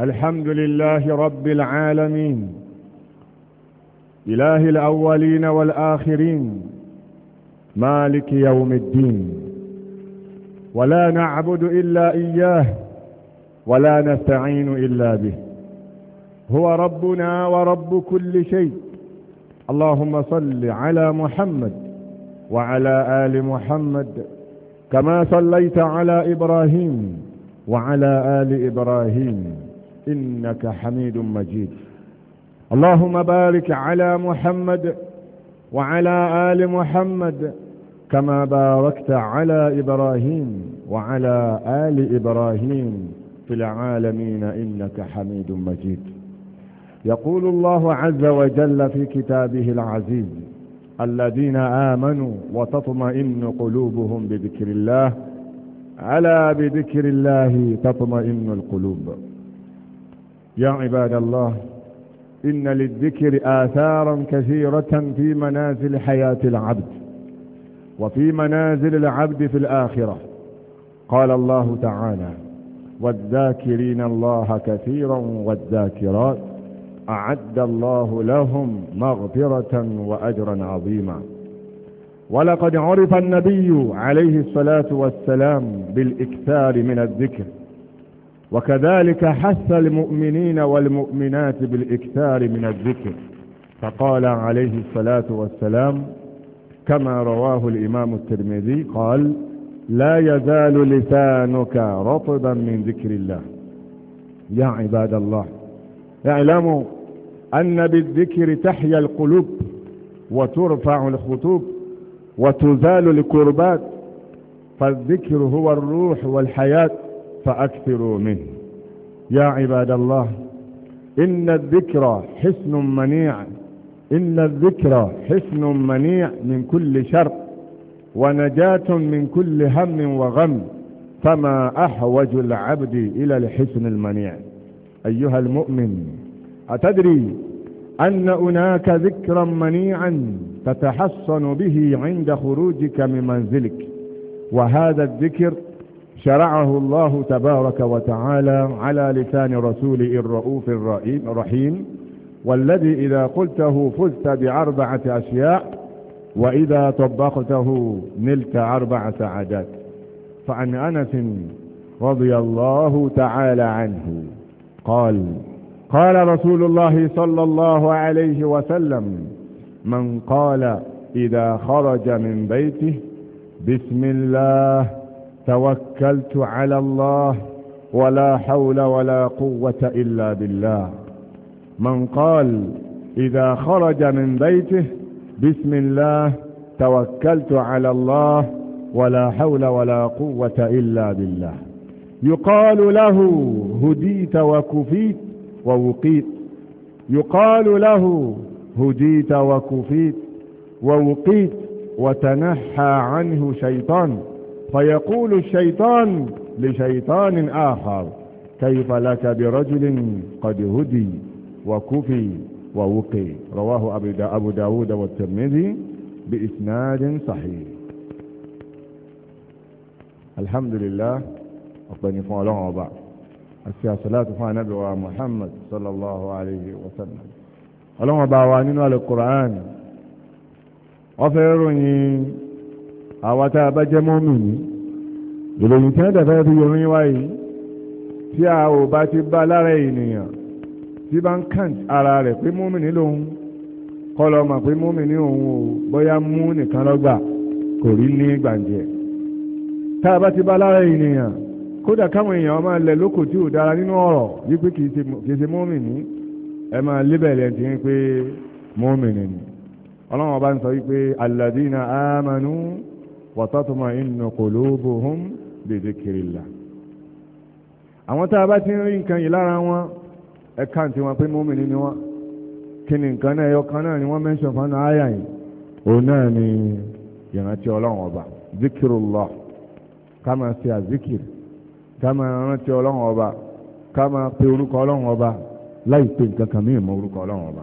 الحمد لله رب العالمين إله الأولين والآخرين مالك يوم الدين ولا نعبد إلا إياه ولا نستعين إلا به هو ربنا ورب كل شيء اللهم صل على محمد وعلى آل محمد كما صليت على إبراهيم وعلى آل إبراهيم إنك حميد مجيد اللهم بارك على محمد وعلى آل محمد كما باركت على إبراهيم وعلى آل إبراهيم في العالمين إنك حميد مجيد يقول الله عز وجل في كتابه العزيز الذين آمنوا وتطمئن قلوبهم بذكر الله ألا بذكر الله تطمئن القلوب يا عباد الله إن للذكر آثارا كثيرة في منازل حياة العبد وفي منازل العبد في الآخرة قال الله تعالى والذاكرين الله كثيرا والذاكرات أعد الله لهم مغفرة وأجرا عظيما ولقد عرف النبي عليه الصلاة والسلام بالإكثار من الذكر وكذلك حث المؤمنين والمؤمنات بالإكثار من الذكر فقال عليه الصلاة والسلام كما رواه الإمام الترمذي قال لا يزال لسانك رطبا من ذكر الله يا عباد الله اعلموا أن بالذكر تحيا القلوب وترفع الخطوب وتزال الكربات فالذكر هو الروح والحياه فأكثروا منه يا عباد الله إن الذكر حسن منيع إن الذكر حسن منيع من كل شر ونجاة من كل هم وغم فما أحوج العبد إلى الحسن المنيع أيها المؤمن أتدري أن هناك ذكرا منيعا تتحصن به عند خروجك من منزلك وهذا الذكر شرعه الله تبارك وتعالى على لسان رسوله الرؤوف الرحيم والذي إذا قلته فزت بأربعة أشياء وإذا طبقته نلت أربع سعادات فعن أنس رضي الله تعالى عنه قال قال رسول الله صلى الله عليه وسلم من قال إذا خرج من بيته بسم الله توكلت على الله ولا حول ولا قوة إلا بالله من قال إذا خرج من بيته بسم الله توكلت على الله ولا حول ولا قوة إلا بالله يقال له هديت وكفيت ووقيت يقال له هديت وكفيت ووقيت وتنحى عنه شيطان فيقول الشيطان لشيطان آخر كيف لك برجل قد هدي وكفي ووقي رواه أبو داود والترمذي بإسناد صحيح الحمد لله أقبل فعل عبا السياسلات فعل نبي محمد صلى الله عليه وسلم اللهم bá على القرآن alẹ́ àwa tá a bá jẹ́ mùmínì ìròyìn tí wọ́n dẹ̀fẹ́ fi yorin wá yìí tí a ò bá ti bá lára ènìyàn tí bá ń kàn ara rẹ̀ pé mùmínì lòun kọ́ lọ mọ̀ pé mùmínì òun ò bóyá mú nìkan lọ́gbà kò rí ní gbàǹjẹ́ tá a bá ti bá lára ènìyàn kódà káwọn èèyàn máa lẹ lóko tí ò dára nínú ọ̀rọ̀ wípé kì í ṣe mùmínì ẹ máa lébẹ̀lẹ̀ tí ń pé mùmínì ni ọlọ́run ọba ń sọ wípé alladina amanu watatma'innu qulubuhum bi dhikrillah àwọn tá a bá ti ń rí nǹkan yìí lára wọn ẹ̀ka tí wọ́n pé mọ́mìnì ni wọ́n kí ni nǹkan náà ẹyọ kan náà ni wọ́n mẹ́sàn fún àyà yìí òun náà ni ìrántí ọlọ́run ọba zikrullah ká máa ṣe àzikiri ká máa rántí ọlọ́run ọba ká máa pe orúkọ ọlọ́run ọba láì pe nǹkan kan mí ìmọ̀ orúkọ ọlọ́run ọba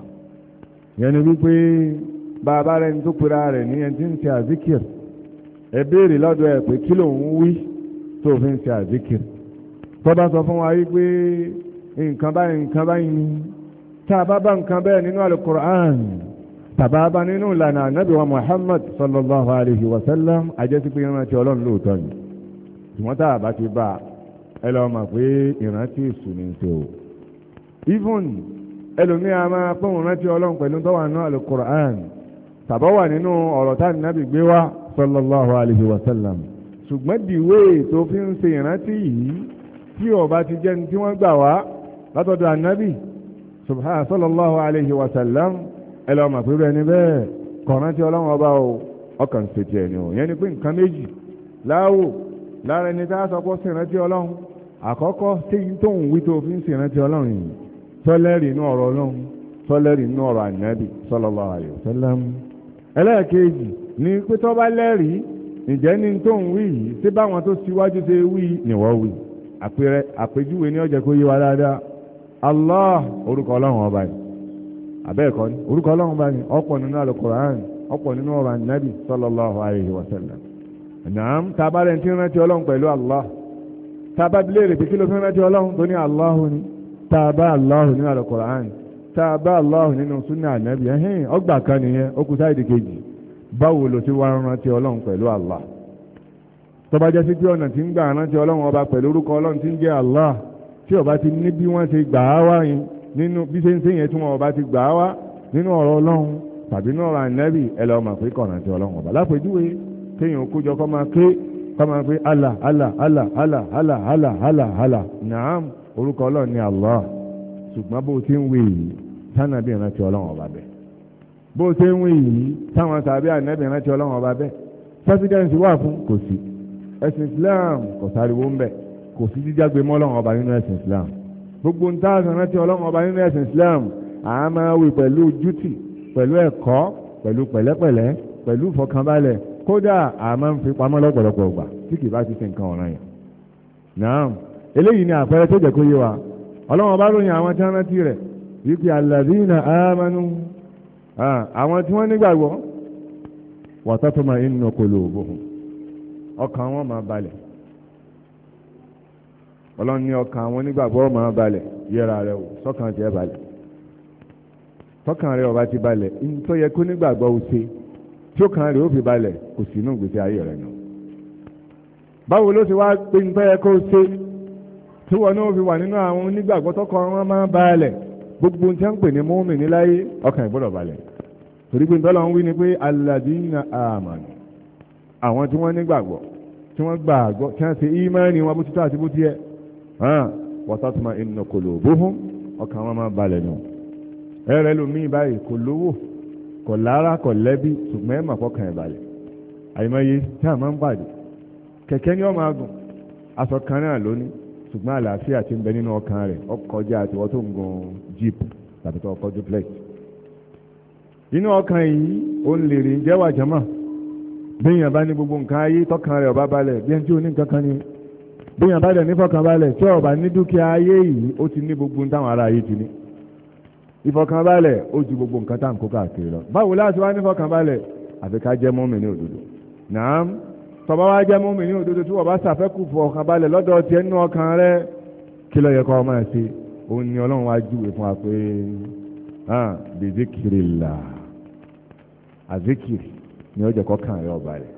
yẹn ni wípé bàbá ń tó pera ní ẹni tí ń ṣe ẹ béèrè lọ́dọ̀ ẹ pé kí lòun wí tó fi ń ṣe àzikiri tó bá sọ fún wa yí pé nǹkan báyìí nǹkan báyìí ni tá a bá bá nǹkan bẹ́ẹ̀ nínú alukur'an tàbá bá nínú ìlànà anabi wa muhammad sallallahu alayhi wa sallam àjẹsí pé ìrántí ọlọ́run lóòótọ́ ni ṣùgbọ́n tá a bá ti bá ẹ lọ́ọ́ mọ̀ pé ìrántí ìsúnni o even ẹlòmíà máa pọ́n ìrántí ọlọ́run pẹ̀lú tó wà nínú alukur'an tàbá wà nínú ọ̀rọ̀ tá a nàbì gbé wá sallallahu alayhi wa sallam ṣùgbọ́n dìwé tó fi ń ṣe ìrántí yìí tí ọba ti jẹ́ ní tí wọ́n gbà wá látọ̀dọ̀ ànábì subhanahu sallallahu alayhi wa sallam ẹ lọ́ọ́ mà pẹ́rú ẹni bẹ́ẹ̀ kọ̀ọ̀rán tí ọlọ́run ọba o ọkàn ṣètì ẹni o yẹn ni pé nǹkan méjì láwò lára ẹni tá a sọ pé ṣèrántí ọlọ́run àkọ́kọ́ tí tó ń wí tó fi ń ṣèrántí ọlọ́run yìí tọ́lẹ́rì inú ọ̀rọ̀ ọlọ́run tọ́lẹ́rì inú ọ̀rọ̀ ànábì sallallahu alayhi wa sallam ẹlẹ́ẹ̀kejì ní pé tó bá lẹ́rìí ǹjẹ́ ní tó ń wí yìí ṣé báwọn tó síwájú ṣe wí nìwọ́ wí àpẹẹrẹ àpèjúwe ní ọjà kó wa dáadáa Allah orúkọ ọlọ́run ọba yìí ni orúkọ ọlọ́run ọba yìí ọ̀pọ̀ nínú ọ̀pọ̀ nínú sallallahu alayhi wa sallam naam tabalẹ̀ ń tí rántí ọlọ́run pẹ̀lú Allah tababilé rẹ̀ pé kí ló rántí ọlọ́run tó ní Allah ni tàbá Allah nínú al báwo ló ti wá rántí ọlọ́run pẹ̀lú Allah tó bá jẹ́ sí pé ọ̀nà tí ń gbà rántí ọlọ́run ọba pẹ̀lú orúkọ ọlọ́run tí ń jẹ́ Allah tí ọba ti ní bí wọ́n ṣe gbà á wá yín nínú bí ṣe ń ṣe yẹn tí wọn ọba ti gbà á wá nínú ọ̀rọ̀ ọlọ́run tàbí nínú ọ̀rọ̀ ànẹ́bì ẹ lọ́ọ́ mọ̀ pé kọ̀ọ̀nà ti ọlọ́run ọba lápèjúwe kéèyàn kójọ kọ́ máa ké kọ́ máa pé Allah Allah Allah Allah Allah Allah Allah Allah Allah bó ṣe ń wí yìí táwọn tàbí ànábìrin ti ọlọ́run ọba bẹ́ẹ̀ pẹ́sidẹ́ǹsì wà fún kò sí ẹ̀sìn Islam kò sáriwo ń bẹ̀ kò sí jíjágbe mọ́ ọba nínú ẹ̀sìn Islam gbogbo ntaàsán náà ti ọlọ́run ọba nínú ẹ̀sìn Islam à wí pẹ̀lú jútì pẹ̀lú ẹ̀kọ́ pẹ̀lú pẹ̀lẹ́pẹ̀lẹ́ pẹ̀lú ìfọkànbalẹ̀ kódà à ń fi pamọ́ lọ́pọ̀lọpọ̀ Ah, àwọn tí wọ́n nígbàgbọ́ wàtátọ́mà inú qulubuhum ọkàn wọn máa balẹ̀ ọlọ́run ní ọkàn àwọn onígbàgbọ́ máa balẹ̀ yẹra rẹ o sọ́kàn tiẹ̀ balẹ̀ sọ́kàn rẹ ọba ti balẹ̀ nítorí yẹ kó nígbàgbọ́ o ṣe tí ó kàn rẹ ó fi balẹ̀ kò sí inú gbèsè ayé rẹ nù. báwo ló ti wá pé nítorí yẹ kó o ṣe tí wọn náà fi wà nínú àwọn onígbàgbọ́ tọkàn wọn máa balẹ̀ gbogbo nǹkan pè ní mùmínì láyé ọkàn ìgbọ́dọ̀ balẹ̀ torí pé tọ́lọ̀ ń wí ni pé alladina amanu àwọn tí wọ́n nígbàgbọ́ tí wọ́n gbàgbọ́ tí wọ́n ṣe ímánì wọn bó ti tó àti bó ti yẹ wa tatma'innu qulubuhum ọkàn wọn máa balẹ̀ nù ẹ̀rẹ́ lómi báyìí kò lówó kò lára kò lẹ́bí ṣùgbọ́n mà fọkàn balẹ̀ tí a máa ń pàdé kẹ̀kẹ́ ni ọ máa gùn aṣọ kan náà lónìí ṣùgbọ́n àlàáfíà ti ń bẹ nínú ọkàn rẹ̀ tó ń gun tàbí inú ọkàn yìí ó ń lè rí jẹ́wà jẹ́mọ̀ bíyàn bá ní gbogbo nǹkan ayé tọkàn rẹ̀ ọba balẹ̀ bí ẹni tí ò ní nǹkan kan ni bíyàn bá dẹ̀ ní fọkànbalẹ̀ tí ọba ní dúkìá ayé yìí ó ti ní gbogbo ń táwọn ará ayé ti ní ìfọkànbalẹ̀ ó ju gbogbo nǹkan tá à ń kó káàkiri lọ báwo láti wá ní fọkànbalẹ̀ àfi ká jẹ́ mọ́mì ní òdodo nàám tọba wá jẹ́ mọ́mì ní òdodo tí wọ́n bá ṣàfẹ́kù fọkànbalẹ̀ lọ́dọ̀ tiẹ̀ nínú ọkàn rẹ kí ló yẹ kó máa ṣe òun ni ọlọ́run wá júwe fún wa pé bìzíkìrì làá azikiri ni ó jẹ́ kọ́kàn ọba rẹ̀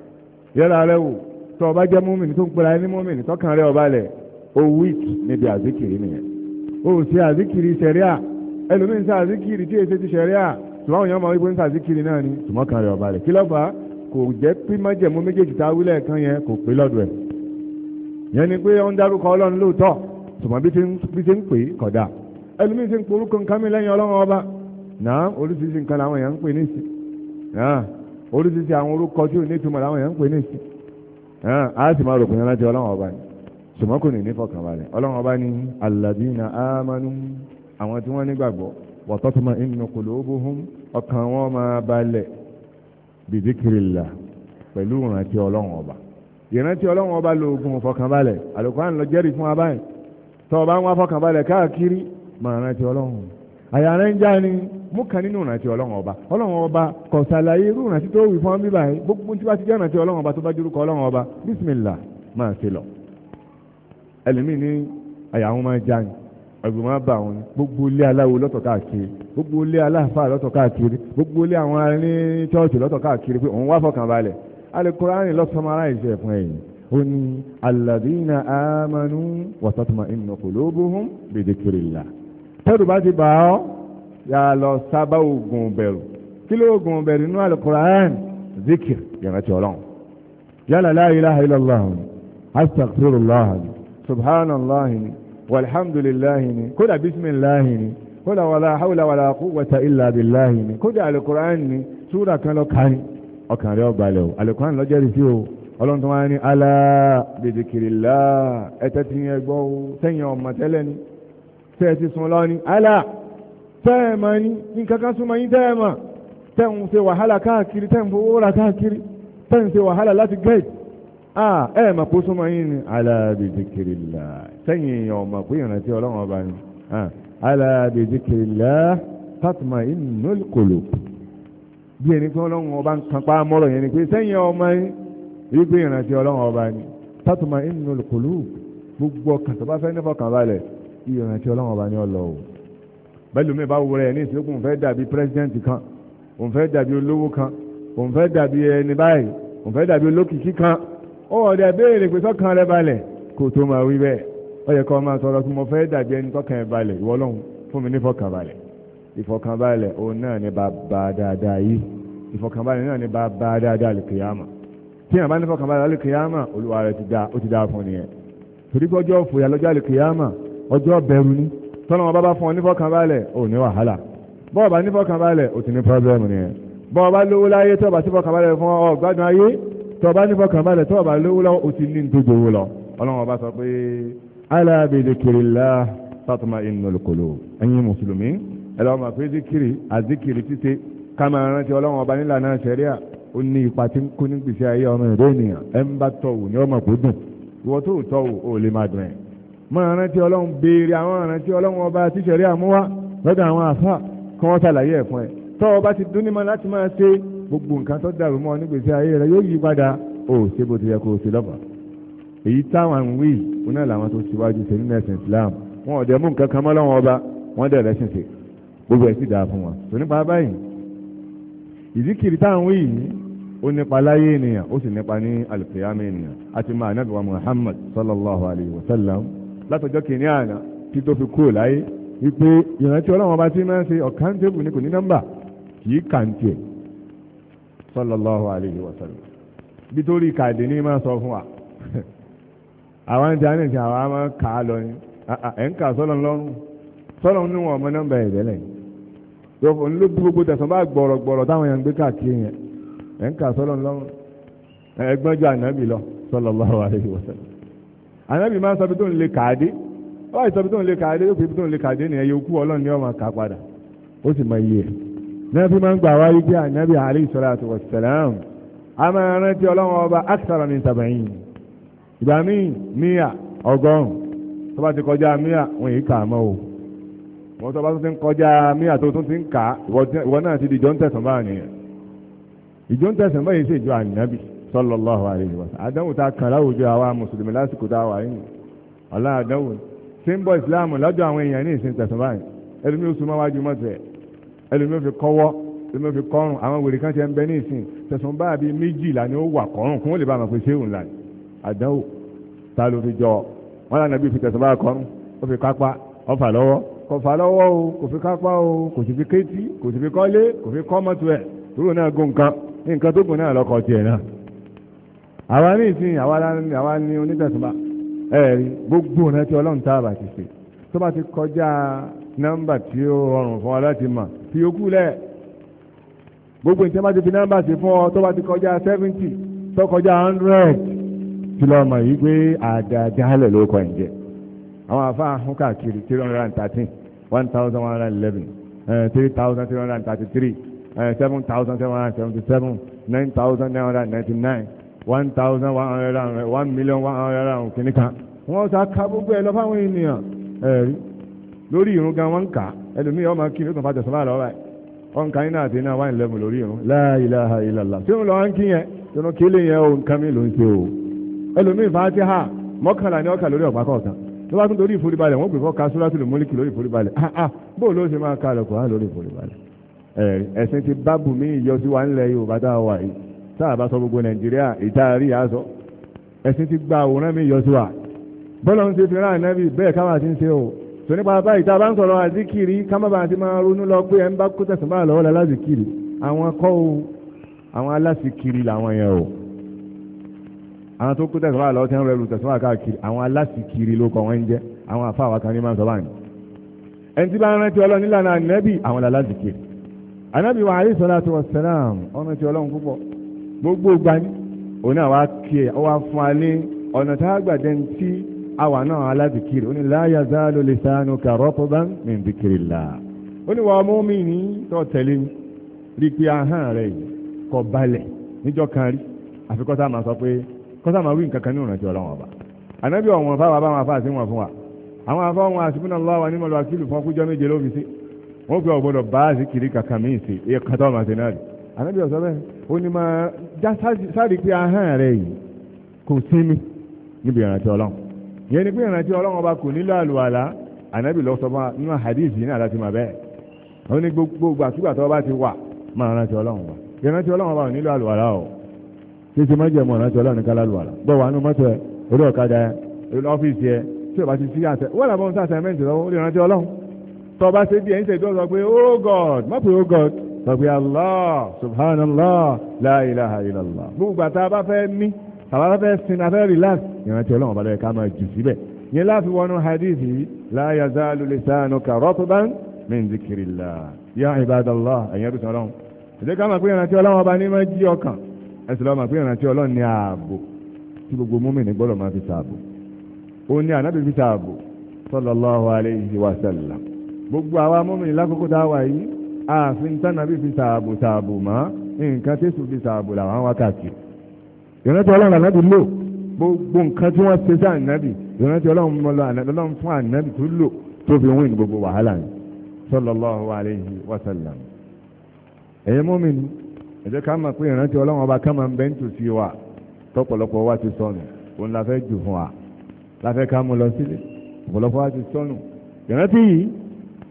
yẹ́ra rẹ̀ wò tó ọba jẹ́ múmìnì tó ń pera ẹni múmìnì tọ́kàn rẹ̀ ọba rẹ̀ o wíìk níbi azikiri nìyẹn o ò ṣe àzíkìrì sẹ̀ríà ẹlòmíín ṣe àzíkìrì tí èsì ti tùmọ̀ máa wípé ń ṣe àzíkìrì náà ni ọba kí méjèèjì tá a wílẹ̀ kan yẹn kò pé lọ́dọ̀ ẹ̀ yẹn ni pé ọlọ́run lóòótọ́ tùmọ̀ bí ti ń pè é ẹlòmíín ti ń ọba náà oríṣiríṣi nǹkan làwọn èèyàn ń pè ní oríṣiríṣi àwọn orúkọ tí ò ní ìtumọ̀ làwọn èèyàn ń pè ní a sì máa rògbòn yẹn ọlọ́run ọba ni ṣùgbọ́n kò ní ní fọkànbalẹ̀ ọlọ́run ọba ní na amanu àwọn tí wọ́n nígbàgbọ́ wa tatma'innu qulubuhum ọkàn wọn máa balẹ̀ bi dhikrillah pẹ̀lú ìrántí ọlọ́run ọba ìrántí ọlọ́run ọba lo oògùn fọkànbalẹ̀ Al-Qur'an ló jẹ́rìí fún wa tọ́ ọba ń wá káàkiri àyàrá ń já ni mú kan nínú ìrántí ọlọ́run ọba ọlọ́run ọba kò ṣàlàyé irú ìrántí tó wì fún bíbá yìí gbogbo tí wàá ti jẹ́ ìrántí ọlọ́run ọba tó bá dúró kọ ọlọ́run ọba bísímìlà máa ṣe lọ. ẹlòmíì ní àyà wọn máa já ni ẹ̀gbọ́n máa bà wọn ni gbogbo ilé aláwo lọ́tọ̀ káàkiri gbogbo ilé aláàfáà lọ́tọ̀ káàkiri gbogbo ilé àwọn arin chọ́ọ̀chì lọ́tọ̀ káàkiri pé òun wá fọkàn balẹ̀ tẹ́rù bá ti bà ọ́ yà á lọ sábà oògùn bẹ̀rù kí ló oògùn bẹ̀rù inú alukur'an zikir ìrántí ọlọ́run yálà la ilaha illallah ni astaghfirullah ni subhanallah ni walhamdulillah ni kódà bismillah ni kódà wàlá hawla wàlá quwwata illa kódà alukur'an ni súra kan lọ kàn ọkàn rẹ ọba lẹ alukur'an lọ jẹ́rìí sí o ọlọ́run tó wá ní alá bìdìkìrìlá ẹ̀tẹ́ ti yẹn sẹ́yìn ọmọ tẹ́lẹ̀ ni tẹ́ ẹ ti sùn lọ ni àlà tẹ́ ẹ mọ̀ ni nǹkan kan súnmọ́ yín tẹ́ ẹ mọ̀ tẹ́ ń ṣe wàhálà káàkiri tẹ́ ń fowó ra káàkiri tẹ́ ń ṣe wàhálà láti gẹ́ẹ̀tì à ẹ mọ̀ súnmọ́ yín ni àlà bi sẹ́yìn èèyàn ọ̀mọ̀ pé ìrántí ọlọ́run ọba ni àlà bi zikrillah tatma'innul qulub bí ẹni pé ọlọ́run ọba ń kan pa mọ́rọ̀ yẹn ni pé sẹ́yìn ọmọ yín gbogbo ọkàn tó bá fẹ́ nífọ̀kànbalẹ̀ ìrántí ọlọ́run ọba ni ọ lọ o bẹ́ẹ̀ lómi bá wúrẹ́ ẹ̀ ní ìsìnkú òun fẹ́ dàbí president kan òun fẹ́ dàbí olówó kan òun fẹ́ dàbí ẹni báyìí òun fẹ́ dàbí olókìkí kan ó ọ̀dẹ̀ béèrè pé sọ́kàn rẹ balẹ̀ kó tó máa wí bẹ́ẹ̀ ó yẹ kó máa sọ̀rọ̀ pé mo fẹ́ dàbí ẹni tọ́kàn ẹ balẹ̀ ìwọ ọlọ́run fún mi ní ìfọkànbalẹ̀ ìfọkànbalẹ̀ òun náà ni bàbá dáadáa yìí ìfọkànbalẹ̀ náà ni bàbá dáadáa lè kéyàmà tí yàrá bá ní ìfọkànbalẹ̀ lè kéyàmà olúwa rẹ ti dáa ó ti dáa fún nìyẹn torí gbọ́jọ́ fòyà lọ́jọ́ àlè kéyàmà ọjọ́ bẹ̀rù ni tọ́lọ́ wọn bá bá fún ọ nífọ̀kànbalẹ̀ ò ní wàhálà bọ́ọ̀ bá nífọ̀kànbalẹ̀ ò ti ní pírọ́blẹ́mù nìyẹn bọ́ọ̀ bá lówó láyé tọ́ọ̀ bá nífọ̀kànbalẹ̀ fún ọ gbádùn ayé tọ́ọ̀ bá nífọ̀kànbalẹ̀ tọ́ọ̀ bá lówó lọ́wọ́ ò ti ní nítorí owó lọ ọlọ́wọ́n bá sọ pé ala bi dhikrillah tatma'innul qulub ẹ̀yin mùsùlùmí ẹ lọ́wọ́ máa pé zikiri àzikiri títí ká máa rántí ọlọ́wọ́n ọba nílànà sẹ́ríà ó ní ipa bá tọ̀wù máa rántí ọlọ́run béèrè àwọn rántí ọlọ́run ọba tíṣẹ̀rí àmúwá lọ́dọ̀ àwọn àfà kí wọ́n ṣàlàyé ẹ̀ fún ẹ tọ́ ọ bá ti dún ní ma láti máa ṣe gbogbo nǹkan tó dàrú mọ́ nígbèsè ayé rẹ yóò yí padà ó ṣe bó ti yẹ kó o ṣe lọ́bàá èyí táwọn wí oná làwọn tó ṣíwájú ṣe nínú ẹ̀sìn Islam wọn ò dẹ̀ mú nǹkan kan mọ́ lọ́wọ́ ọba wọn dẹ̀ rẹ́sìn ṣe gbogbo ẹ̀ sì dáa fún wọn tó nípa báyìí ìdíkiri táwọn wí ó nípa láyé ènìyàn ó sì nípa ní alùpùpù ènìyàn àti máa nàbẹ̀wá Muhammad sallallahu alayhi wa sallam látọjọ́ kìíní àná tí tó fi kúrò láyé wípé ìrántí ọlọ́run ọba tí máa ń ṣe ọ̀kántébù ni kò ní nọ́mbà kì í kàǹtì ẹ̀ sallallahu alayhi wa sallam bí tó rí kàdé ní máa sọ fún wa àwọn ti àná ti àwọn máa kà á lọ ni ẹ̀ ń kà sọ́lọ̀ lọ́rùn sọ́lọ̀ ní wọn ọmọ nọ́mbà ẹ̀dẹ́ lẹ́yìn yọ̀fọ̀ ń ló bí gbogbo tẹ̀sán bá gbọ̀rọ̀ gbọ̀rọ̀ táwọn yẹn ń gbé káàkiri yẹn ẹ̀ ń kà sọ́lọ̀ lọ́rùn ẹ̀gbọ́n sallallahu alayhi wa ànábì máa ń sọ ibi tó ń le kàádé ọba ìsọ ibi tó ń le kàádé yóò fi ibi tó ń le kàádé nìyẹn yóò kú ọlọ́run ní ọmọ ká padà ó sì mọ iye ẹ̀ máa ń gbà wáyé pé ànábì alayhi salatu wassalam a máa rántí ọlọ́run ọba akthara min sab'in ìgbà míì míà ọgọ́rùn-ún tó bá ti kọjá míà wọn yìí kà á mọ́ o wọ́n tó bá tún ti ń kọjá míà tó tún ti ń kà á ìwọ náà ti di ìjọ ń tẹ̀sán báyìí ìjọ ń tẹ̀sán báyìí sì ìjọ ànábì sallallahu alaihi wa sallam àdánwò tá a kàn láwùjọ àwa mùsùlùmí lásìkò tá a wà yìí ọ̀la àdánwò tí ń bọ̀ ìsìláàmù lọ́dọ̀ àwọn èèyàn ní ìsìn tẹ̀sán báyìí ẹlòmí ó súnmọ́ wájú mọ́tẹ̀ ẹlòmí ó fi kọ́wọ́ ẹlòmí ó fi kọ́rùn àwọn wèrè kan ti ń bẹ ní ìsìn tẹ̀sán báyà bíi méjìlá ni ó wà kọ́rùn fún ó lè bá àwọn pèsè òun láì àdánwò ta ló fi jọ wọn lànà bí fi tẹ̀sán kọ́rùn ó fi kápá ó àwa ní ìsìn àwa ní onítẹ̀sùnbà ẹ̀rí gbogbo ọ̀nà tí ọlọ́run tá a bá ti ṣe tó bá ti kọjá nọ́mbà tí ó rọrùn fún ọ láti mọ̀ fi okú lẹ̀ gbogbo ìtẹ́ bá ti fi nọ́mbà sí fún ọ tó bá ti kọjá seventy tó kọjá hundred tí lọ́ọ́ mọ̀ yìí pé àdàdàlẹ̀ ló kọ ìjẹ́ àwọn afa ahun káàkiri three hundred and thirteen one thousand one hundred and eleven three thousand three hundred and thirty three seven thousand seven hundred and seventy seven nine thousand nine hundred and ninety nine one thousand one hundred and one million one hundred and kìíní kan wọ́n sá ka gbogbo ẹ̀ lọ fáwọn ènìyàn ẹ̀rí lórí ìrun gan wọ́n ń kà ẹlòmíì ọmọ kí ló tún fa tẹ̀sán báyìí lọ́wọ́ ẹ̀ ọ̀n kan iná àti iná wáìn lẹ́mu lórí ìrun la ilaha illallah tí wọ́n lọ́ ń kí yẹn tọ́nà kí lè yẹn o nǹkan mi ló ń ṣe o ẹlòmíì Fatiha mọ́kànlá ni ọkà lórí ọ̀pá kọ̀ọ̀kan tó bá tún lórí ìforíbalẹ̀ wọ́n pè fọ́ ka Suratul Mulk lórí ìforíbalẹ̀ ah ah bó ló ṣe máa ka lọ́kọ̀ọ́ lórí ìforíbalẹ̀ ẹ̀sìn ti bábù mí ìyọsí wa ńlẹ̀ Yorùbá tá a wà yìí tá a bá sọ gbogbo nàìjíríà ìtaari àásọ ẹ̀sìn ti gba àwòrán mi yọsùn wa bọ́lá ń ṣe fi rán ànábì bẹ́ẹ̀ káwa ti ń ṣe o tó nípa báyìí tá a bá ń sọ̀rọ̀ àzíkiri kámábà ti máa ronú lọ pé ẹ ń bá kó tẹ̀sán bá lọ́wọ́ la lázìkiri àwọn kọ́ o àwọn aláṣìkiri làwọn yẹn o àwọn tó kó tẹ̀sán bá lọ́wọ́ tẹ́ ń rẹrù tẹ̀sán bá káàkiri àwọn aláṣìkiri ló kọ́ wọ́n ń jẹ́ àwọn àfáà wa kan ní máa ń sọ báyìí ẹni tí bá ń rántí ọlọ́run nílànà ànábì àwọn làlázìkiri gbogbo gbani òun náà wá kí ẹ ọ wá fún alẹ́ ọ̀nà tá a gbà dẹ́n tí àwa náà aládìkiri ó ní la yazalu lisanuka ratban min dhikrillah ó ní wàá mú mi ní tó tẹ̀lé mi rí i pé ahọ́n rẹ̀ kò balẹ̀ níjọ́ kan rí àfi kọ́sá máa sọ pé kọ́sá máa wí nǹkan kan ní ìrántí ọlọ́wọ́n ọba ànábì ọ̀wọ́n fáwọn bá máa sí wọn fún wa àwọn afọ́wọn hasbunallahu wa ni'mal wakil fún ọkújọ́ méje ló sí wọ́n fi ọ̀gbọ́dọ̀ bá a kiri kàkà míì sí iye kátó ọmọ àti náà rí ànábì ọ̀sọ́ bẹ́ẹ̀ ó ní máa já sáré pé ahọ́n rẹ̀ yìí kò sinmi níbi ìrántí ọlọ́run yẹn ni pé ìrántí ọlọ́run ọba kò nílò àlùwàlá ànábì lọ́sọ̀ bá nínú hadith yìí náà láti máa bẹ́ẹ̀ ó ní gbogbo àtúgbà tó bá ti wà máa rántí ọlọ́run ọba ìrántí ọlọ́run ọba ò nílò àlùwàlá o kí ti máa jẹ́ mọ̀ ìrántí ọlọ́run nìkan lálùwàlá gbọ́ wà nínú mọ́tò ẹ orí ọ̀kadà ẹ orí ọ́fíìsì ẹ tí o bá ti sí àtẹ wọ́n làbọ̀ ń sá àtẹ̀mẹ́ǹtì lọ́wọ́ ó lè rántí ọlọ́run tó bá ṣe bí ẹ̀ ń ṣe ìdúró sọ pé oh God má pè oh God sọ̀gbé allah subhanallah la ilaha illallah gbogbo àtà bá fẹ́ mí àbá fẹ́ sin afẹ́ relax ìrántí ọlọ́run bá lọ́yẹ ká máa jù síbẹ̀ yẹn láti wọnú hadith yìí la yazalu lisanuka ratban min dhikrillah ya ibadallah ẹ̀yẹ́ rúṣin ọlọ́run ìdí ká máa pé ìrántí ọlọ́run ọba ní máa jí ọkàn ẹ̀sìn lọ́ọ́ máa pé ìrántí ọlọ́run ní ààbò tí gbogbo mùmínì ààfin tánàbí fi tààbù tààbù mọ́ nǹkan tẹ́sù fi tààbù làwọn wákàtí ìrántí ọlọ́run ànábì lò gbogbo nǹkan tí wọ́n ṣe sí ànábì ìrántí ọlọ́run fún ànábì tó lò tó fi wíìn gbogbo wàhálà ni sallallahu alayhi wa sallam ẹ̀yẹ mọ́mìnì ẹ jẹ́ ká mọ̀ pé ìrántí ọlọ́run ọba ká máa ń bẹ́ńtù sí wa tọ́pọ̀lọpọ̀ wa ti sọnù òun la fẹ́ jù fún wa la fẹ́ ká mú lọ sílé ọ̀pọ̀lọpọ̀ wa ti sọnù ìrántí yìí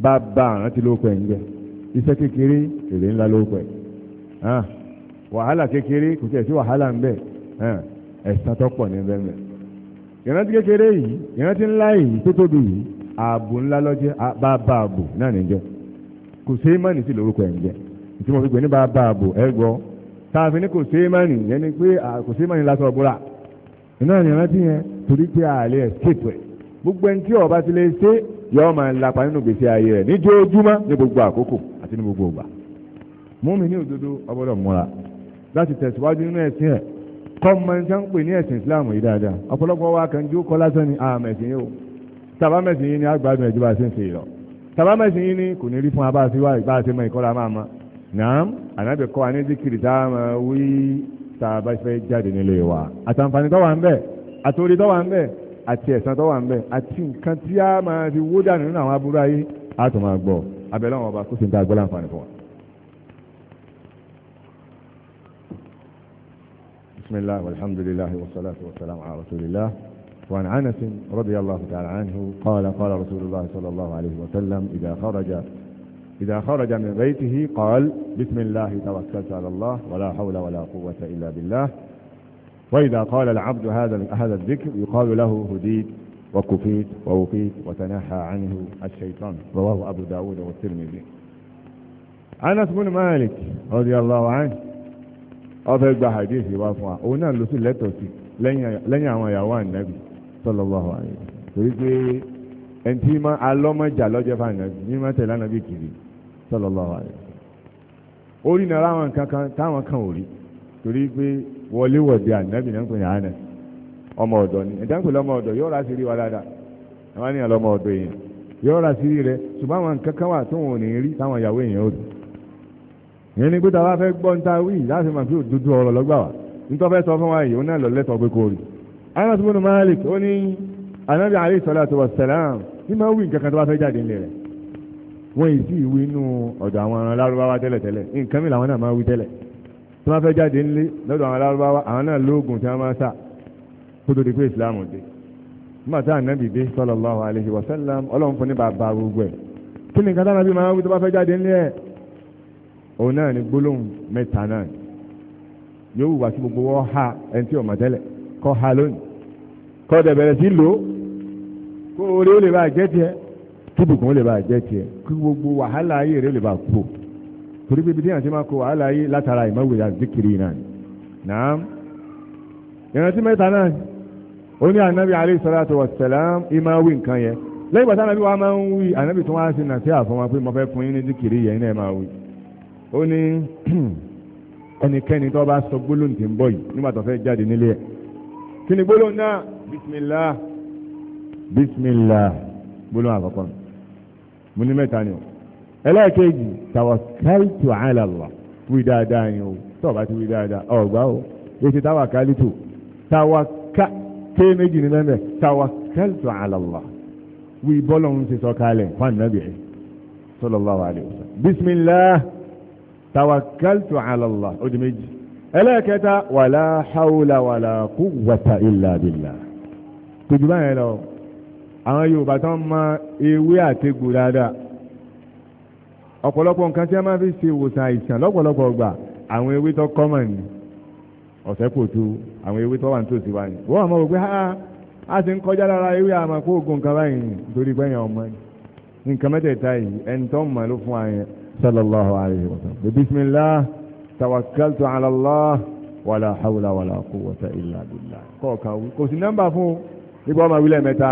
bá bá ìrántí ló pẹ̀ ń gbẹ́ iṣẹ́ kékeré èrè ńlá ló pẹ̀ wàhálà kékeré kò tiẹ̀ sí wàhálà ń bẹ̀ ẹ̀san tó pọ̀ ní bẹ́ẹ̀ ìrántí kékeré yìí ìrántí ńlá yìí tó tóbi yìí ààbò ńlá lọ́jẹ́ bàbá ààbò náà níjẹ́ kò sí mọ́nì sí lórúkọ ẹ̀ ń tí mo fi pè ní bàbá ààbò ẹ gbọ́ tá a fi ní kò sí mọ́nì yẹn ni pé kò sí mọ́nì lásán ọ̀bùrà iná ni ìrántí yẹn torí pé àlè escape ẹ̀ gbogbo ẹni tí ọba ti lè ṣe yọ ọmọ ńlá pa nínú gbèsè ayé rẹ̀ níjọ́ ojúmọ́ ní gbogbo àkókò àti ní gbogbo ògbà múmi ní òdodo ọgbọ́dọ̀ múra láti tẹ̀síwájú nínú ẹ̀sìn ẹ̀ kọ́ mọ ẹni tí wọ́n ń pè ní ẹ̀sìn Islam yìí dáadáa ọ̀pọ̀lọpọ̀ wa kàn jó kọ́ lásán ni àmẹ̀sìn ah, yìí o tàbámẹ̀sìn yìí ni àgbàdùn ẹ̀jú bá a ṣe ń ṣe lọ tàbámẹ̀sìn yìí ni kò ní rí fún wa bá a ṣe wá ìbá a ṣe mọ ìkọ́ra máa ma nàám ànábì kọ́ wa ní zikiri tá a máa wí tá a bá fẹ́ jáde nílé wa àtàǹfààní tó wà ń bẹ àtòrí tó wà ń bẹ àti ẹ̀san tó wà ń bẹ àti nǹkan tí a máa fi wó dànù nínú àwọn aburú ayé a tó máa gbọ́ abẹ́lẹ́ wọn ọba kó sì ń ta بسم الله والحمد لله والصلاة والسلام على رسول الله وعن أنس رضي الله تعالى عنه قال قال رسول الله صلى الله عليه وسلم إذا خرج إذا خرج من بيته قال بسم الله توكلت على الله ولا حول ولا قوة إلا بالله وإذا قال العبد هذا هذا الذكر يقال له هديت وكفيت ووفيت وتنحى عنه الشيطان رواه أبو داود والترمذي أنس بن مالك رضي الله عنه أفل بحديث وافوا أونا لسل لتوسي لن يعوى يعوى النبي صلى الله عليه وسلم تريد أن تيما ألوما جالو جفا النبي نيما تلا نبي كذي صلى الله عليه وسلم أولي نراوان كان كان تاوان كان أولي تريد وولي ودي النبي نمكن أنس ọmọ ọ̀dọ̀ ni ẹ̀dá ń pè lọ́mọ ọ̀dọ̀ yóò rà sí rí wa dáadáa àwọn ènìyàn lọ́mọ ọ̀dọ̀ èèyàn yóò rà sí rí rẹ ṣùgbọ́n àwọn nǹkan kan wà tó wọn ò ní rí táwọn ìyàwó èèyàn ò rí ìyẹn ni pé tá a bá fẹ́ gbọ́ ń ta wí láti máa fi òdodo ọ̀rọ̀ lọ́gbà wa nítorí fẹ́ sọ fún wa yìí ó náà lọ lẹ́tọ̀ọ́ pé kò rí Anas bin Malik ó salam ní máa wí nǹkan kan tó bá fẹ́ jáde nílẹ̀ rẹ̀ wọ́n yìí sì wí inú ọ̀dọ̀ àwọn ará lárúbáwá tẹ́lẹ̀tẹ́lẹ̀ nǹkan mìíràn àwọn náà lọ́dọ̀ àwọn lárúbáwá àwọn náà lóògùn tí wọ́n máa sà kó di pé ìsìláàmù dé nígbà tá sallallahu wasallam ọlọ́run fún ní bàbá gbogbo ẹ̀ kí ni kátà nàbí máa ń O fẹ́ jáde ńlẹ̀ ẹ̀ òun náà ni gbogbo wọ́n ha ẹni tí ọmọ tẹ́lẹ̀ kọ́ ha lónìí kọ́ dẹ̀ bẹ̀rẹ̀ sí lò kó orí ó lè bá jẹ́ tiẹ̀ kíbùkún ó lè bá jẹ́ tiẹ̀ kí gbogbo wàhálà ayé rẹ̀ lè bá torí pé ó ní ànábì alayhi salatu wassalam ìmọ̀ wí nǹkan yẹn lẹ́yìn bàtà ànábì wa máa ń wí ànábì tó wá sí nàṣẹ́ àfọmọ́ pé mo fẹ́ fún yín ní dìkìrì yẹn náà máa wí ó ní ẹnikẹ́ni tó bá sọ gbólóhùn tí ń bọ̀ yìí nígbà tó fẹ́ jáde nílé ẹ̀ kí ni gbólóhùn náà bismillah bismillah gbólóhùn àkọ́kọ́ mo ní mẹ́ta ni o ẹlẹ́ẹ̀kejì tawakkaltu ala Allah dáadáa ni o tó ti wí dáadáa ọ̀gbá o èsì tawakkaltu tawakkaltu ṣé méjì ní lẹ́nu ẹ̀ tawakkaltu ala Allah wí bọ́lọ̀ ń ṣe sọ kalẹ̀ fún ànábì ẹ̀ sallallahu alaihi wasallam bismillah tawakkaltu ala Allah ó di méjì ẹlẹ́ẹ̀kẹta wala hawla wala quwwata illa billah tójú báyẹn lọ àwọn Yorùbá tán máa ewé àtegbò dáadáa ọ̀pọ̀lọpọ̀ nǹkan tí a máa fi ṣe ìwòsàn àìsàn lọ́pọ̀lọpọ̀ gbà àwọn ewé tó kọ́mọ̀ ní ọ̀sẹ̀ kò tó àwọn ewé tó wà nítòsí wa ni wọ́n àmọ́ wọ́n pé ha a ti ń kọjá lára ewé àmọ́ kó oògùn nǹkan báyìí nítorí pé ọmọ yìí nǹkan mẹ́tẹ̀ẹ̀ta yìí ẹni tó ń mọ̀ ló fún wa yẹn sallallahu alayhi wa sallam bisimilah tawakkaltu ala allah wala hawla wala quwwata illa billah kọ̀ọ̀kan kò sí nọ́mbà fún ibà ọmọ wílẹ̀ mẹ́ta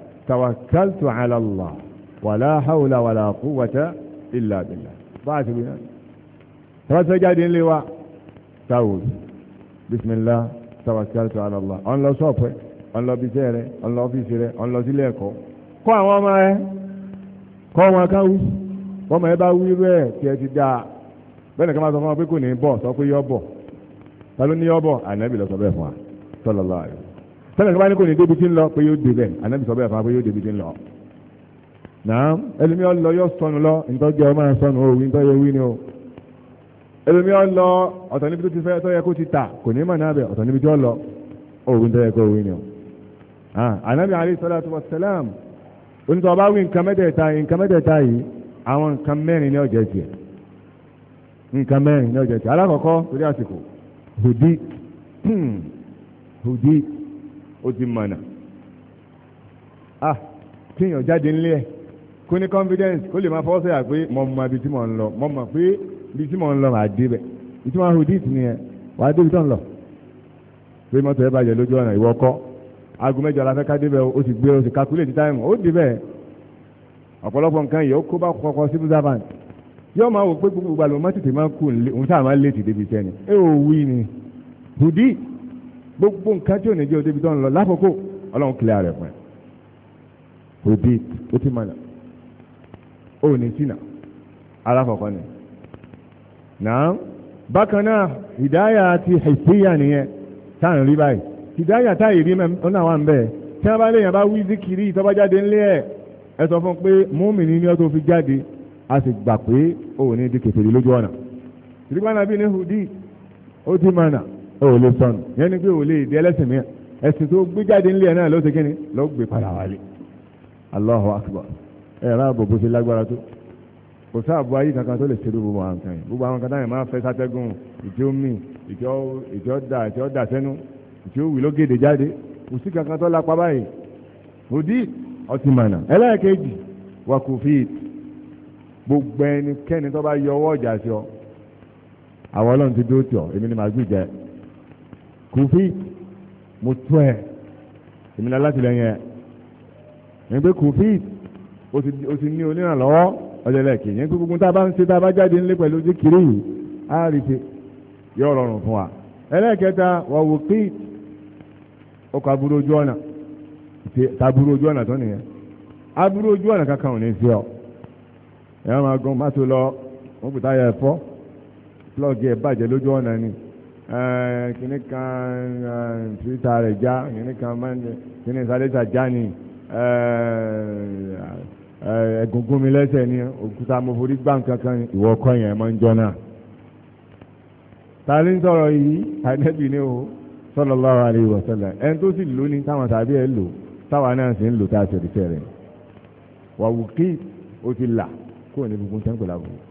توكلت على الله ولا حول ولا قوة إلا بالله. bá a ti wí náà تعود. بسم الله توكلت على الله. أن لا Allah أن لا sọ́ọ̀pù أن لا lọ أن لا ọ̀n lọ ọ́fíìsì rẹ̀ ọ̀n lọ sílé ẹ̀kọ́ kọ́ àwọn ọmọ ẹ kọ́ wọn ká wí ọmọ ẹ bá wí rẹ̀ tí ẹ ti dáa bẹ́ẹ̀ nìkan máa sọ fún wa pé kò ní bọ̀ sọ pé yọ bọ̀ ta ló ní yọ bọ̀ ànábì lọ sọ bẹ́ẹ̀ fún wa sallallahu alaihi sẹ́nà ìgbà ní kò ní débi tí ń lọ pé yóò dé bẹ́ẹ̀ ànábì sọ bẹ́ẹ̀ fún wa pé yóò débi tí ń lọ. náà ẹlòmí ọ lọ yóò sọnù lọ ntọ́jú ọ máa sọnù òwì ntọ́jú wí ni o. ẹlòmí ọ lọ ọ̀tọ̀ níbi tó ti fẹ́ tọ́yẹ kó ti tà kò ní mà náà bẹ̀ ọ̀tọ̀ níbi tó lọ òwì ntọ́jú kó wí ni o. ànábì alayhi salatu wa salam onítọ̀ ọba wí nǹkan mẹ́tẹ̀ẹ̀ta yìí nǹkan mẹ́tẹ̀ẹ̀ta yìí àwọn nǹkan mẹ́rin ní ọ̀jẹ̀ tiẹ̀ nǹkan mẹ́rin ní ọ̀jẹ̀ tiẹ̀ alákọ̀ọ́kọ́ torí àsìkò hùdí hùdí hmm ó ti mọ̀nà ah kíyàn jáde nílé ẹ̀ kó ní confidence kó lè máa fọ́ sẹ́yà pé mo mọ ibi tí mo ń lọ mo mọ̀ pé ibi tí mo ń lọ máa dé bẹ̀ ibi tí mo ń ro díìtì nìyẹn wà á débi tó ń lọ pé mọ́tò ẹ̀ bàjẹ́ lójú ọ̀nà ìwọ kọ́ aago mẹ́jọ la fẹ́ ká débẹ̀ ó ti gbé ó ti calculate time ó débẹ̀ ọ̀pọ̀lọpọ̀ nǹkan yìí ó kó bá kọ́kọ́ sí bùsàbàǹtì yóò máa wò pé gbogbo ìgbà ló má tètè máa kú òun táà máa lé débi tẹ́ni ẹ ò wí ni hùdíìtì gbogbo nǹkan tí ò ní jẹ́ òde ibi tó ń lọ lákòókò ọlọ́run kìlẹ̀ rẹ̀ fún ẹ òde ó ti mọ̀nà ó ní sínà alákọ̀ọ́kọ́ ni náà bákan náà ìdáyà ti hìsíyà nìyẹn táà ń rí báyìí ìdáyà táà ìrí mẹ́ ọ́n náà wà ń bẹ́ẹ̀ tí wọ́n bá lè yàn bá wí zikiri ìtọ́ba jáde ńlẹ̀ ẹ̀ ẹ sọ fún un pé múmìnì ni ó tó fi jáde a sì gbà pé òun ní di kèfèrè lójú ọ̀nà tìrìgbọ́n náà bí ní hùdí ó ti mọ̀nà ò lè sọnù yẹn ni pé ò lè di ẹlẹ́sìn mìíràn ẹ̀sìn tó gbé jáde ńlẹ̀ náà ló ti kíni ló gbé padà wálé Allahu Akbar ẹ̀rọ ààbò bó ṣe lágbára tó kò sáàbò ayé kankan tó lè ṣe gbogbo àwọn kan yìí gbogbo àwọn kan táyà máa fẹ́ sátẹ́gùn ìjọ mi ìjọ dà ìjọ dà sẹ́nu ìjọ wì lógèdè jáde kò sí kankan tó lápá báyìí òdì ọtí ẹlẹ́ẹ̀kejì wà kò fi gbogbo ẹnikẹ́ni tó bá yọ ọwọ́ ọjà sí ọ àwọn ọlọ́run ti dó tì ọ èmi ni màá gbìjẹ́ kùfì mo tó ẹ èmi náà láti lẹ́yìn ẹ yẹn pé kùfì o ti ní onírànlọ́wọ́ ọ̀dẹ̀lẹ̀kì yẹn pé gbogbo tá a bá ń na tá a bá jáde ńlẹ̀ pẹ̀lú zikiri yìí á fún wa ẹlẹ́kẹta wà wò ọkọ̀ aburú ojú ọ̀nà ojú ọ̀nà tó nìyẹn aburú ojú ọ̀nà kankan ò ní sí ọ ẹ̀ máa gan lọ a yẹ plọ́ọ̀gì ẹ̀ Eh, kìnnì kan eh, twitter rẹ̀ já kìnnì kan mande kìnnì sálẹ́sà já ni ẹ̀gúngún eh, mi lẹ́sẹ̀ ni òkúta mo forí gbá nǹkan kan ìwọ kọ́ yẹn máa ń jọ náà. ta ló ń sọ̀rọ̀ yìí àdẹ́bí ni o sallallahu alaihi wasallam ẹni tó sì lò ní táwọn tàbí ẹ lò táwọn náà sì ń lò tá a ṣe rẹ̀ wàwùkí o ti là kó o ní gbogbo tẹ́ńpẹ̀lá gbogbo.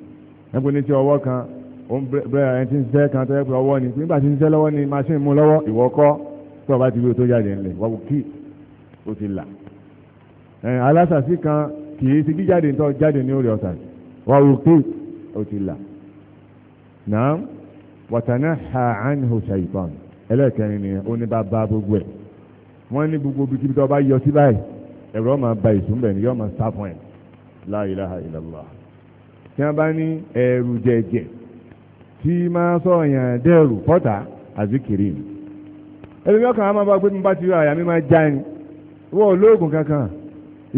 ẹgbẹ́ ní ti ọwọ́ kan bẹ́ẹ̀ ẹni tí ń ṣiṣẹ́ kan tó yẹ pé ọwọ́ ni nígbà tí ń ṣiṣẹ́ lọ́wọ́ ni machine mú lọ́wọ́ ìwọ kọ́ tó o bá ti wí o tó jáde ńlẹ̀ wọ́n kí o ti là alásàsí kan kì í ti jíjáde ń tọ́ jáde ní orí ọ̀sà wọ́n kí o ti là náà wàtánà ha àánihò ṣàyìpọ̀n ẹlẹ́ẹ̀kẹrin ni ó ní bá bá gbogbo ẹ̀ wọ́n ní gbogbo bí kíbi tó bá yọ sí báyìí ẹ̀rọ máa ba ìsúnbẹ̀ ni yọ máa sá fún ẹ̀ la ilaha illallah tí wọ́n bá ní ẹ̀rù jẹ̀jẹ̀ tí máa sọ̀yàn dẹ́rù pọ́tà àzíkiri ni ẹlẹ́mi ọkàn á máa bá pé mo bá ti rí àyà mi máa já ni wọ́n olóògùn kankan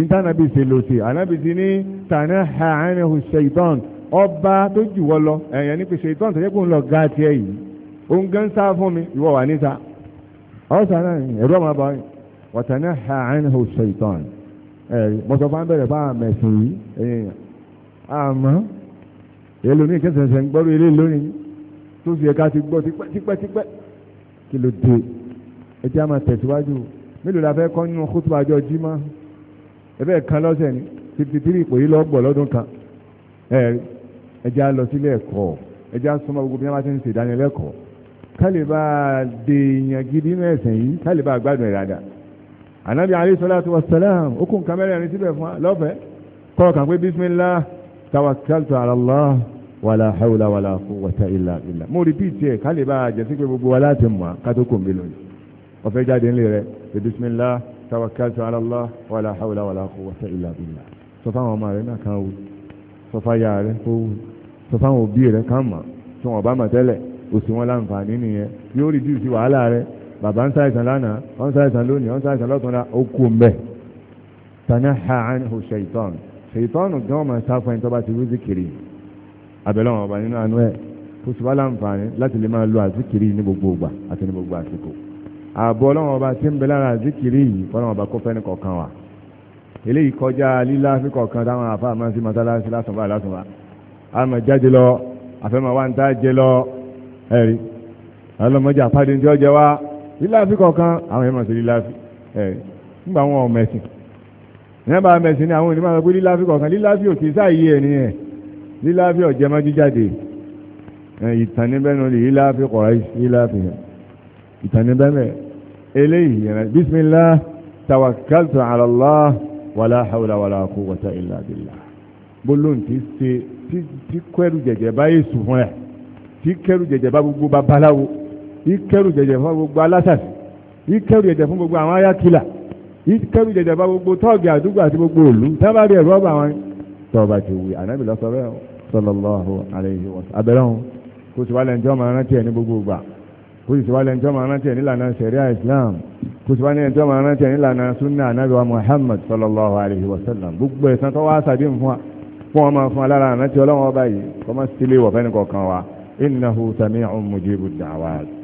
ìtànàbí ṣe lò sí ànábì ti ní tànà ha àánihù ṣèitán ọba tó jù wọ́ lọ ẹ̀yàn ní pé tó yẹ kó ń lọ gá tiẹ̀ yìí òun gan sá fún mi ìwọ wà níta ọ̀sán náà ẹ̀rọ máa bá wọ̀tànà ha àánihù ṣèitán ẹ̀ mọ̀tọ́fà ń bẹ̀rẹ̀ bá àmẹ̀sìn yìí àmọ́ ẹlòmíì kẹsẹ̀sẹ̀ ń gbọ́rọ̀ eré lónìí tó fi ẹ̀ka ti gbọ́ tipẹ́tipẹ́ kí ló dé ẹjẹ́ a máa tẹ̀síwájú mélòó la fẹ́ kọ́ nínú kótó àjọ jimá ẹbẹ̀ kan lọ́sẹ̀ ni fifty three ìpò yìí lọ́gbọ̀ lọ́dún kan ẹjẹ́ a lọ sílé ẹ̀kọ́ ẹjẹ́ a súnmọ́ gbogbo bí wọ́n bá ti ń ṣèdánilẹ́kọ̀ọ́ kálíbà dèèyàn gidi inú ẹ̀sìn yìí kálíbà gbádùn ìrada ànábì alayhi salatu wassalam ó kún kamẹ́rẹ́ ẹni síbẹ̀ fún wa lọ́fẹ̀ẹ́ kọ́ ọ̀kan pé bísímillah tawakkaltu ala Allah wàlá hawla wàlá quwwata illa billah mo rìpíìtì ẹ̀ kálí bá a jẹ́ sí pé gbogbo wa láti mọ̀ kátó kò ń bí lónìí ọ̀fẹ́ jáde ńlẹ̀ rẹ̀ ṣe bismillah tawakkaltu ala Allah wàlá hawla wàlá quwwata illa billah sọ fáwọn ọmọ rẹ̀ náà kan wù sọ fáyà rẹ̀ kó wù sọ fáwọn òbí rẹ̀ kan mọ̀ tí wọn bá mọ̀ tẹ́lẹ̀ òsì wọn láǹfààní nìyẹn yóò rìdíùsì wàhálà rẹ̀ bàbá ń ṣàìsàn lánàá ọ̀n ṣàìsàn lónìí ọ̀n ṣàìsàn lọ́tùnla ó kú mbẹ́ tanaha anhu shaitan ṣèyítọ́nù gan ọmọ sáfù ẹni tó bá ti wí zikiri abẹ́lẹ́ wọn ọba nínú àánú ẹ̀ kó sì wá láǹfààní láti lè máa lo àzikiri ní gbogbo ìgbà àti ní gbogbo àsìkò ààbò ọlọ́wọ́n ọba tí ń bẹ lára àzikiri yìí fọlọ́wọ́n ọba kó fẹ́ ní kọ̀ọ̀kan wa eléyìí kọjá lílá fíkọ̀ọ̀kan táwọn àfa àmọ́ sí mọ́sálásí lásùnfà lásùnfà àmọ́ jáde lọ àfẹ́mọ́ wa ń tá jẹ lọ ẹ̀rí ọlọ́mọdé àpáde tí ó jẹ wá lílá fíkọ̀ọ̀kan àwọn ẹ̀mọ́ sí lílá ẹ̀rí nígbà wọn ọmọ ẹ̀sìn nígbà mẹ́sìn ni àwọn onímọ̀ sọ pé líláfi kọ̀ọ̀kan líláfi ò kì í sáàyè ẹ̀ nìyẹn líláfi ọ̀jẹ̀mọ́ jíjáde ìtàn níbẹ̀ nù lè líláfi kọ̀ọ̀rọ̀ líláfi ìtàn níbẹ̀ mẹ́ eléyìí yẹn bismillah tawakkaltu ala Allah wala hawla wala quwwata illa billah gbólóhùn tí ṣe tí kẹ́rù jẹ̀jẹ̀ bá yé sùn fún ẹ̀ tí kẹ́rù jẹ̀jẹ̀ bá gbogbo babaláwo tí kẹ́rù jẹ̀jẹ̀ fún gbogbo alásàsì tí kẹ́rù jẹ̀jẹ̀ fún gbogbo àwọn ayákìlá yìí kẹ́mi dẹ̀dẹ̀ bá gbogbo tọ́ọ̀gì àdúgbò àti gbogbo òlu tábàdì ẹ̀rọ ọba wọn tọ́ọ̀bà ti wù ànábì lọ́sọ bẹ́ẹ̀ sallallahu alaihi wa sallam abẹ́rẹ́ wọn kó sì wá lẹ́ńtọ́ máa rántí ẹ̀ ní gbogbo ìgbà kó sì wá lẹ́ńtọ́ máa rántí ẹ̀ nílànà sẹ̀ríà Islam kó sì wá lẹ́ńtọ́ máa rántí ẹ̀ nílànà sunna ànábì wa Muhammad sallallahu alaihi wa sallam gbogbo